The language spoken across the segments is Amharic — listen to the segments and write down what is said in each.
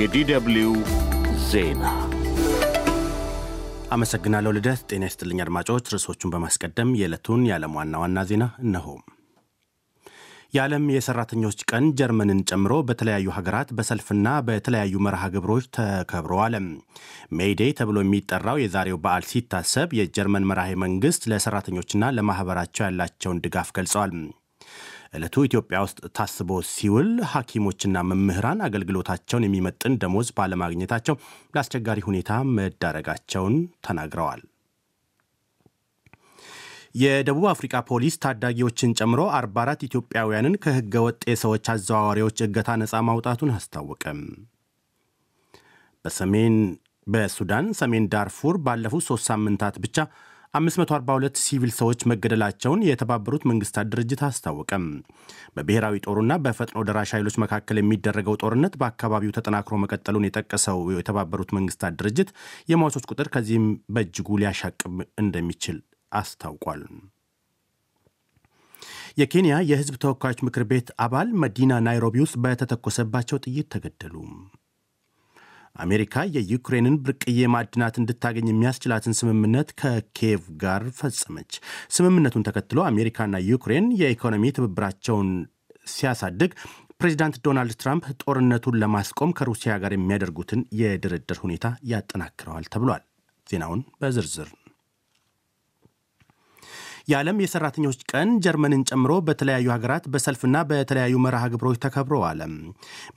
የዲደብልዩ ዜና አመሰግናለሁ ልደት። ጤና ይስጥልኝ አድማጮች። ርዕሶቹን በማስቀደም የዕለቱን የዓለም ዋና ዋና ዜና እነሆ። የዓለም የሰራተኞች ቀን ጀርመንን ጨምሮ በተለያዩ ሀገራት በሰልፍና በተለያዩ መርሃ ግብሮች አለ። ሜይዴ ተብሎ የሚጠራው የዛሬው በዓል ሲታሰብ የጀርመን መራሄ መንግስት ለሰራተኞችና ለማህበራቸው ያላቸውን ድጋፍ ገልጸዋል። ዕለቱ ኢትዮጵያ ውስጥ ታስቦ ሲውል ሐኪሞችና መምህራን አገልግሎታቸውን የሚመጥን ደሞዝ ባለማግኘታቸው ለአስቸጋሪ ሁኔታ መዳረጋቸውን ተናግረዋል። የደቡብ አፍሪካ ፖሊስ ታዳጊዎችን ጨምሮ 44 ኢትዮጵያውያንን ከሕገ ወጥ የሰዎች አዘዋዋሪዎች እገታ ነፃ ማውጣቱን አስታወቀም። በሰሜን በሱዳን ሰሜን ዳርፉር ባለፉት ሶስት ሳምንታት ብቻ 542 ሲቪል ሰዎች መገደላቸውን የተባበሩት መንግስታት ድርጅት አስታወቀም። በብሔራዊ ጦሩና በፈጥኖ ደራሽ ኃይሎች መካከል የሚደረገው ጦርነት በአካባቢው ተጠናክሮ መቀጠሉን የጠቀሰው የተባበሩት መንግስታት ድርጅት የሟቾች ቁጥር ከዚህም በእጅጉ ሊያሻቅብ እንደሚችል አስታውቋል። የኬንያ የህዝብ ተወካዮች ምክር ቤት አባል መዲና ናይሮቢ ውስጥ በተተኮሰባቸው ጥይት ተገደሉ። አሜሪካ የዩክሬንን ብርቅዬ ማዕድናት እንድታገኝ የሚያስችላትን ስምምነት ከኪየቭ ጋር ፈጸመች። ስምምነቱን ተከትሎ አሜሪካና ዩክሬን የኢኮኖሚ ትብብራቸውን ሲያሳድግ ፕሬዚዳንት ዶናልድ ትራምፕ ጦርነቱን ለማስቆም ከሩሲያ ጋር የሚያደርጉትን የድርድር ሁኔታ ያጠናክረዋል ተብሏል። ዜናውን በዝርዝር የዓለም የሰራተኞች ቀን ጀርመንን ጨምሮ በተለያዩ ሀገራት በሰልፍና በተለያዩ መርሃ ግብሮች ተከብረዋል።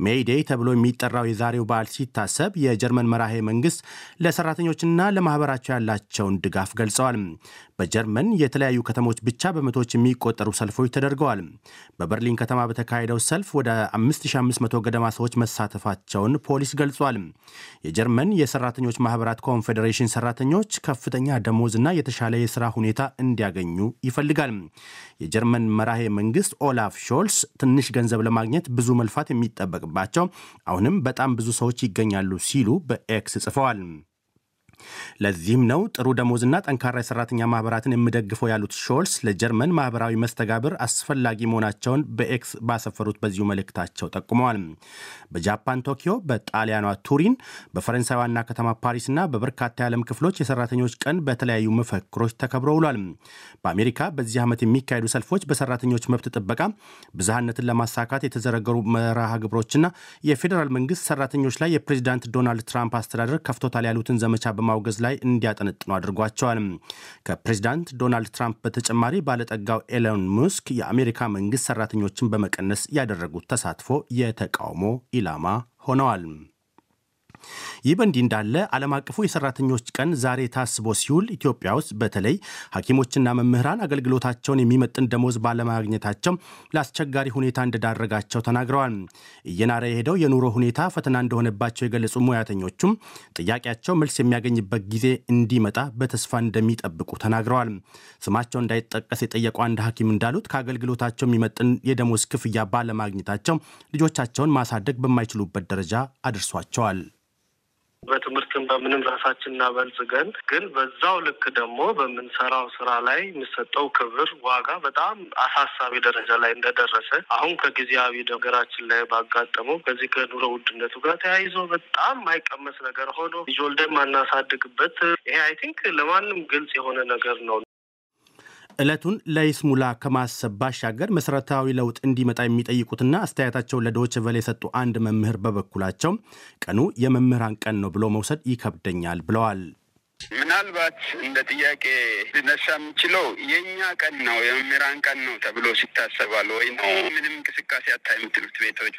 ሜይዴይ ተብሎ የሚጠራው የዛሬው በዓል ሲታሰብ የጀርመን መራሄ መንግስት ለሰራተኞችና ለማህበራቸው ያላቸውን ድጋፍ ገልጸዋል። በጀርመን የተለያዩ ከተሞች ብቻ በመቶዎች የሚቆጠሩ ሰልፎች ተደርገዋል። በበርሊን ከተማ በተካሄደው ሰልፍ ወደ 5500 ገደማ ሰዎች መሳተፋቸውን ፖሊስ ገልጿል። የጀርመን የሰራተኞች ማህበራት ኮንፌዴሬሽን ሰራተኞች ከፍተኛ ደሞዝና የተሻለ የሥራ ሁኔታ እንዲያገኙ ይፈልጋል። የጀርመን መራሄ መንግስት ኦላፍ ሾልስ ትንሽ ገንዘብ ለማግኘት ብዙ መልፋት የሚጠበቅባቸው አሁንም በጣም ብዙ ሰዎች ይገኛሉ ሲሉ በኤክስ ጽፈዋል። ለዚህም ነው ጥሩ ደሞዝና ጠንካራ የሰራተኛ ማህበራትን የምደግፈው ያሉት ሾልስ ለጀርመን ማህበራዊ መስተጋብር አስፈላጊ መሆናቸውን በኤክስ ባሰፈሩት በዚሁ መልእክታቸው ጠቁመዋል። በጃፓን ቶኪዮ፣ በጣሊያኗ ቱሪን፣ በፈረንሳይ ዋና ከተማ ፓሪስና በበርካታ የዓለም ክፍሎች የሰራተኞች ቀን በተለያዩ መፈክሮች ተከብሮ ውሏል። በአሜሪካ በዚህ ዓመት የሚካሄዱ ሰልፎች በሰራተኞች መብት ጥበቃ፣ ብዝሃነትን ለማሳካት የተዘረገሩ መርሃ ግብሮችና የፌዴራል መንግስት ሰራተኞች ላይ የፕሬዚዳንት ዶናልድ ትራምፕ አስተዳደር ከፍቶታል ያሉትን ዘመቻ በማ በማውገዝ ላይ እንዲያጠነጥኑ አድርጓቸዋል። ከፕሬዚዳንት ዶናልድ ትራምፕ በተጨማሪ ባለጠጋው ኤሎን ሙስክ የአሜሪካ መንግስት ሰራተኞችን በመቀነስ ያደረጉት ተሳትፎ የተቃውሞ ኢላማ ሆነዋል። ይህ በእንዲህ እንዳለ ዓለም አቀፉ የሰራተኞች ቀን ዛሬ ታስቦ ሲውል ኢትዮጵያ ውስጥ በተለይ ሐኪሞችና መምህራን አገልግሎታቸውን የሚመጥን ደሞዝ ባለማግኘታቸው ለአስቸጋሪ ሁኔታ እንደዳረጋቸው ተናግረዋል። እየናረ የሄደው የኑሮ ሁኔታ ፈተና እንደሆነባቸው የገለጹ ሙያተኞቹም ጥያቄያቸው መልስ የሚያገኝበት ጊዜ እንዲመጣ በተስፋ እንደሚጠብቁ ተናግረዋል። ስማቸው እንዳይጠቀስ የጠየቁ አንድ ሐኪም እንዳሉት ከአገልግሎታቸው የሚመጥን የደሞዝ ክፍያ ባለማግኘታቸው ልጆቻቸውን ማሳደግ በማይችሉበት ደረጃ አድርሷቸዋል። በትምህርትም በምንም ራሳችን እናበልጽገን፣ ግን በዛው ልክ ደግሞ በምንሰራው ስራ ላይ የሚሰጠው ክብር ዋጋ በጣም አሳሳቢ ደረጃ ላይ እንደደረሰ አሁን ከጊዜያዊ ነገራችን ላይ ባጋጠመው ከዚህ ከኑሮ ውድነቱ ጋር ተያይዞ በጣም ማይቀመስ ነገር ሆኖ ልጅ ወልደን ማናሳድግበት ይሄ አይ ቲንክ ለማንም ግልጽ የሆነ ነገር ነው። ዕለቱን ለይስሙላ ከማሰብ ባሻገር መሰረታዊ ለውጥ እንዲመጣ የሚጠይቁትና አስተያየታቸውን ለዶይቼ ቨል የሰጡ አንድ መምህር በበኩላቸው ቀኑ የመምህራን ቀን ነው ብሎ መውሰድ ይከብደኛል ብለዋል። ምናልባት እንደ ጥያቄ ሊነሳ የምችለው የእኛ ቀን ነው የመምህራን ቀን ነው ተብሎ ሲታሰባል ወይ ነው። ምንም እንቅስቃሴ አታይም። ትምህርት ቤቶች፣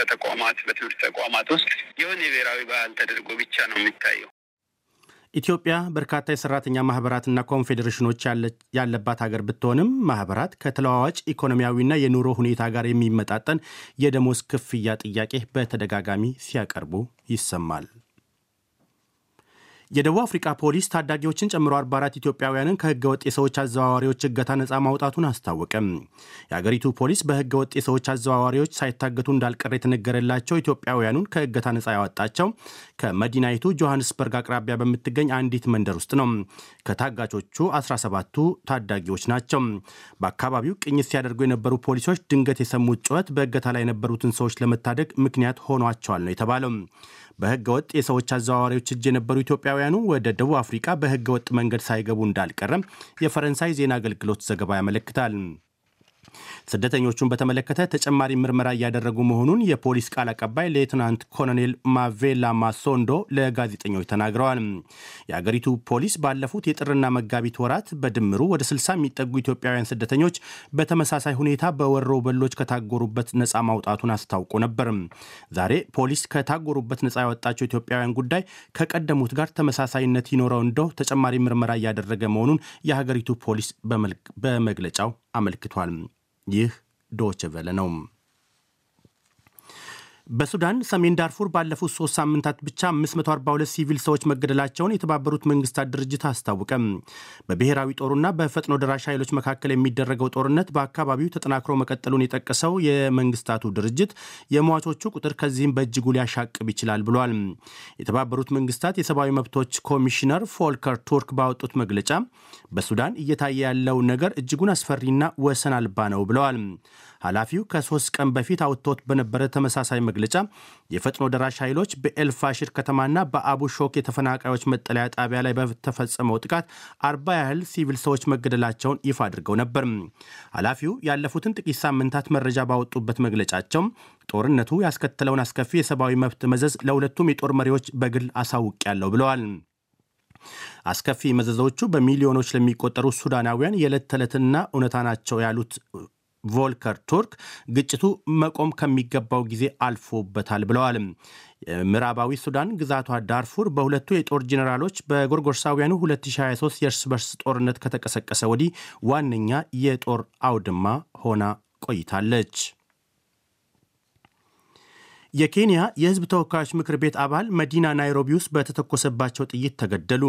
በተቋማት በትምህርት ተቋማት ውስጥ የሆነ የብሔራዊ ባህል ተደርጎ ብቻ ነው የሚታየው። ኢትዮጵያ በርካታ የሰራተኛ ማህበራትና ኮንፌዴሬሽኖች ያለባት ሀገር ብትሆንም ማህበራት ከተለዋዋጭ ኢኮኖሚያዊና የኑሮ ሁኔታ ጋር የሚመጣጠን የደሞዝ ክፍያ ጥያቄ በተደጋጋሚ ሲያቀርቡ ይሰማል። የደቡብ አፍሪካ ፖሊስ ታዳጊዎችን ጨምሮ 44 ኢትዮጵያውያንን ከህገወጥ የሰዎች አዘዋዋሪዎች እገታ ነፃ ማውጣቱን አስታወቀም። የአገሪቱ ፖሊስ በህገወጥ የሰዎች አዘዋዋሪዎች ሳይታገቱ እንዳልቀረ የተነገረላቸው ኢትዮጵያውያኑን ከእገታ ነፃ ያወጣቸው ከመዲናይቱ ጆሐንስበርግ አቅራቢያ በምትገኝ አንዲት መንደር ውስጥ ነው። ከታጋቾቹ 17ቱ ታዳጊዎች ናቸው። በአካባቢው ቅኝት ሲያደርጉ የነበሩ ፖሊሶች ድንገት የሰሙት ጩኸት በእገታ ላይ የነበሩትን ሰዎች ለመታደግ ምክንያት ሆኗቸዋል ነው የተባለው። በህገ ወጥ የሰዎች አዘዋዋሪዎች እጅ የነበሩ ኢትዮጵያውያኑ ወደ ደቡብ አፍሪካ በህገ ወጥ መንገድ ሳይገቡ እንዳልቀረም የፈረንሳይ ዜና አገልግሎት ዘገባ ያመለክታል። ስደተኞቹን በተመለከተ ተጨማሪ ምርመራ እያደረጉ መሆኑን የፖሊስ ቃል አቀባይ ሌትናንት ኮሎኔል ማቬላ ማሶንዶ ለጋዜጠኞች ተናግረዋል። የአገሪቱ ፖሊስ ባለፉት የጥርና መጋቢት ወራት በድምሩ ወደ 60 የሚጠጉ ኢትዮጵያውያን ስደተኞች በተመሳሳይ ሁኔታ በወሮ በሎች ከታጎሩበት ነፃ ማውጣቱን አስታውቆ ነበር። ዛሬ ፖሊስ ከታጎሩበት ነፃ ያወጣቸው ኢትዮጵያውያን ጉዳይ ከቀደሙት ጋር ተመሳሳይነት ይኖረው እንደው ተጨማሪ ምርመራ እያደረገ መሆኑን የሀገሪቱ ፖሊስ በመግለጫው አመልክቷል። ይህ ዶችቨለ ነው። በሱዳን ሰሜን ዳርፉር ባለፉት ሶስት ሳምንታት ብቻ 542 ሲቪል ሰዎች መገደላቸውን የተባበሩት መንግስታት ድርጅት አስታወቀም። በብሔራዊ ጦሩና በፈጥኖ ደራሽ ኃይሎች መካከል የሚደረገው ጦርነት በአካባቢው ተጠናክሮ መቀጠሉን የጠቀሰው የመንግስታቱ ድርጅት የሟቾቹ ቁጥር ከዚህም በእጅጉ ሊያሻቅብ ይችላል ብሏል። የተባበሩት መንግስታት የሰብአዊ መብቶች ኮሚሽነር ፎልከር ቱርክ ባወጡት መግለጫ በሱዳን እየታየ ያለው ነገር እጅጉን አስፈሪና ወሰን አልባ ነው ብለዋል። ኃላፊው ከሶስት ቀን በፊት አውጥቶት በነበረ ተመሳሳይ መግለጫ መግለጫ የፈጥኖ ደራሽ ኃይሎች በኤልፋሽር ከተማና በአቡ ሾክ የተፈናቃዮች መጠለያ ጣቢያ ላይ በተፈጸመው ጥቃት አርባ ያህል ሲቪል ሰዎች መገደላቸውን ይፋ አድርገው ነበር። ኃላፊው ያለፉትን ጥቂት ሳምንታት መረጃ ባወጡበት መግለጫቸው ጦርነቱ ያስከተለውን አስከፊ የሰብአዊ መብት መዘዝ ለሁለቱም የጦር መሪዎች በግል አሳውቄያለሁ ብለዋል። አስከፊ መዘዞቹ በሚሊዮኖች ለሚቆጠሩ ሱዳናውያን የዕለት ተዕለትና እውነታ ናቸው ያሉት ቮልከር ቱርክ ግጭቱ መቆም ከሚገባው ጊዜ አልፎበታል ብለዋል። የምዕራባዊ ሱዳን ግዛቷ ዳርፉር በሁለቱ የጦር ጀኔራሎች በጎርጎርሳውያኑ 2023 የእርስ በርስ ጦርነት ከተቀሰቀሰ ወዲህ ዋነኛ የጦር አውድማ ሆና ቆይታለች። የኬንያ የሕዝብ ተወካዮች ምክር ቤት አባል መዲና ናይሮቢ ውስጥ በተተኮሰባቸው ጥይት ተገደሉ።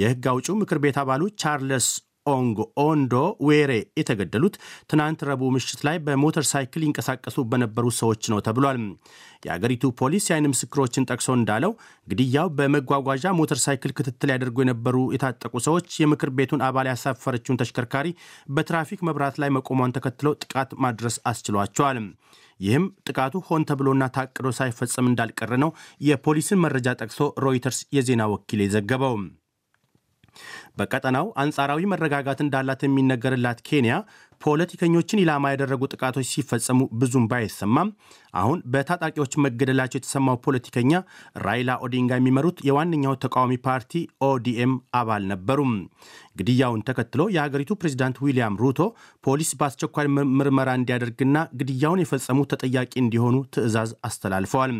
የሕግ አውጪው ምክር ቤት አባሉ ቻርለስ ኦንግ ኦንዶ ዌሬ የተገደሉት ትናንት ረቡዕ ምሽት ላይ በሞተር ሳይክል ይንቀሳቀሱ በነበሩ ሰዎች ነው ተብሏል። የአገሪቱ ፖሊስ የአይን ምስክሮችን ጠቅሶ እንዳለው ግድያው በመጓጓዣ ሞተር ሳይክል ክትትል ያደርጉ የነበሩ የታጠቁ ሰዎች የምክር ቤቱን አባል ያሳፈረችውን ተሽከርካሪ በትራፊክ መብራት ላይ መቆሟን ተከትለው ጥቃት ማድረስ አስችሏቸዋል። ይህም ጥቃቱ ሆን ተብሎና ታቅዶ ሳይፈጸም እንዳልቀረ ነው የፖሊስን መረጃ ጠቅሶ ሮይተርስ የዜና ወኪል የዘገበው። በቀጠናው አንጻራዊ መረጋጋት እንዳላት የሚነገርላት ኬንያ ፖለቲከኞችን ኢላማ ያደረጉ ጥቃቶች ሲፈጸሙ ብዙም ባይሰማም አሁን በታጣቂዎች መገደላቸው የተሰማው ፖለቲከኛ ራይላ ኦዲንጋ የሚመሩት የዋነኛው ተቃዋሚ ፓርቲ ኦዲኤም አባል ነበሩም። ግድያውን ተከትሎ የሀገሪቱ ፕሬዚዳንት ዊሊያም ሩቶ ፖሊስ በአስቸኳይ ምርመራ እንዲያደርግና ግድያውን የፈጸሙ ተጠያቂ እንዲሆኑ ትዕዛዝ አስተላልፈዋል።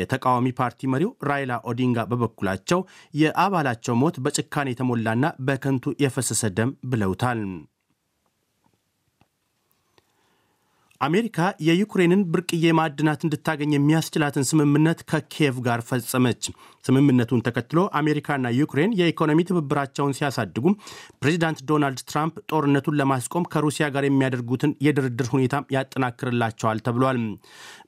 የተቃዋሚ ፓርቲ መሪው ራይላ ኦዲንጋ በበኩላቸው የአባላቸው ሞት በጭካኔ የተሞላና በከንቱ የፈሰሰ ደም ብለውታል። አሜሪካ የዩክሬንን ብርቅዬ ማዕድናት እንድታገኝ የሚያስችላትን ስምምነት ከኪየቭ ጋር ፈጸመች። ስምምነቱን ተከትሎ አሜሪካና ዩክሬን የኢኮኖሚ ትብብራቸውን ሲያሳድጉ ፕሬዚዳንት ዶናልድ ትራምፕ ጦርነቱን ለማስቆም ከሩሲያ ጋር የሚያደርጉትን የድርድር ሁኔታ ያጠናክርላቸዋል ተብሏል።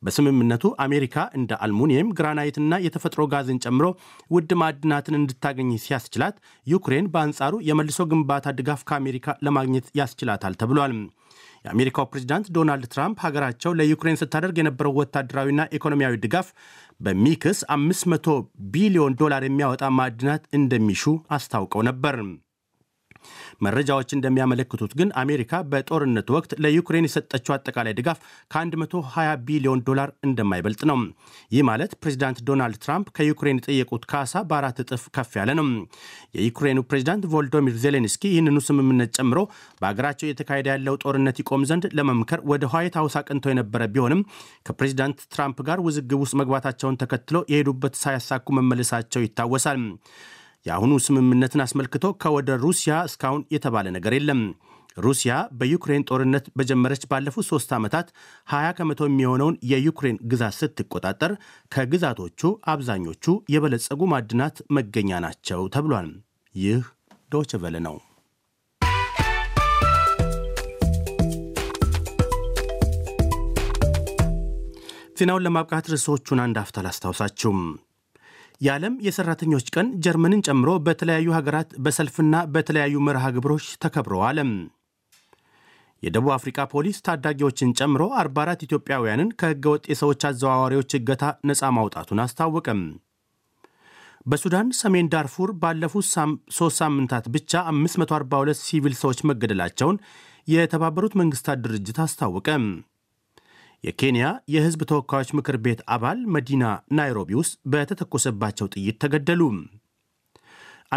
በስምምነቱ አሜሪካ እንደ አልሙኒየም፣ ግራናይትና የተፈጥሮ ጋዝን ጨምሮ ውድ ማዕድናትን እንድታገኝ ሲያስችላት፣ ዩክሬን በአንጻሩ የመልሶ ግንባታ ድጋፍ ከአሜሪካ ለማግኘት ያስችላታል ተብሏል። የአሜሪካው ፕሬዚዳንት ዶናልድ ትራምፕ ሀገራቸው ለዩክሬን ስታደርግ የነበረው ወታደራዊና ኢኮኖሚያዊ ድጋፍ በሚክስ 500 ቢሊዮን ዶላር የሚያወጣ ማዕድናት እንደሚሹ አስታውቀው ነበር። መረጃዎች እንደሚያመለክቱት ግን አሜሪካ በጦርነቱ ወቅት ለዩክሬን የሰጠችው አጠቃላይ ድጋፍ ከ120 ቢሊዮን ዶላር እንደማይበልጥ ነው። ይህ ማለት ፕሬዚዳንት ዶናልድ ትራምፕ ከዩክሬን የጠየቁት ካሳ በአራት እጥፍ ከፍ ያለ ነው። የዩክሬኑ ፕሬዚዳንት ቮልዶሚር ዜሌንስኪ ይህንኑ ስምምነት ጨምሮ በሀገራቸው እየተካሄደ ያለው ጦርነት ይቆም ዘንድ ለመምከር ወደ ዋይት ሀውስ አቅንተው የነበረ ቢሆንም ከፕሬዚዳንት ትራምፕ ጋር ውዝግብ ውስጥ መግባታቸውን ተከትሎ የሄዱበት ሳያሳኩ መመለሳቸው ይታወሳል። የአሁኑ ስምምነትን አስመልክቶ ከወደ ሩሲያ እስካሁን የተባለ ነገር የለም። ሩሲያ በዩክሬን ጦርነት በጀመረች ባለፉት ሶስት ዓመታት 20 ከመቶ የሚሆነውን የዩክሬን ግዛት ስትቆጣጠር ከግዛቶቹ አብዛኞቹ የበለጸጉ ማዕድናት መገኛ ናቸው ተብሏል። ይህ ዶች ቬለ ነው። ዜናውን ለማብቃት ርዕሶቹን አንድ አፍታ ላስታውሳችሁም። የዓለም የሰራተኞች ቀን ጀርመንን ጨምሮ በተለያዩ ሀገራት በሰልፍና በተለያዩ መርሃ ግብሮች ተከብረዋል። የደቡብ አፍሪካ ፖሊስ ታዳጊዎችን ጨምሮ 44 ኢትዮጵያውያንን ከህገወጥ የሰዎች አዘዋዋሪዎች እገታ ነፃ ማውጣቱን አስታወቀም። በሱዳን ሰሜን ዳርፉር ባለፉት ሶስት ሳምንታት ብቻ 542 ሲቪል ሰዎች መገደላቸውን የተባበሩት መንግስታት ድርጅት አስታወቀም። የኬንያ የህዝብ ተወካዮች ምክር ቤት አባል መዲና ናይሮቢ ውስጥ በተተኮሰባቸው ጥይት ተገደሉ።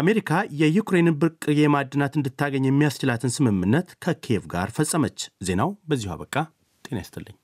አሜሪካ የዩክሬንን ብርቅዬ ማዕድናት እንድታገኝ የሚያስችላትን ስምምነት ከኪየቭ ጋር ፈጸመች። ዜናው በዚሁ አበቃ። ጤና ይስጥልኝ።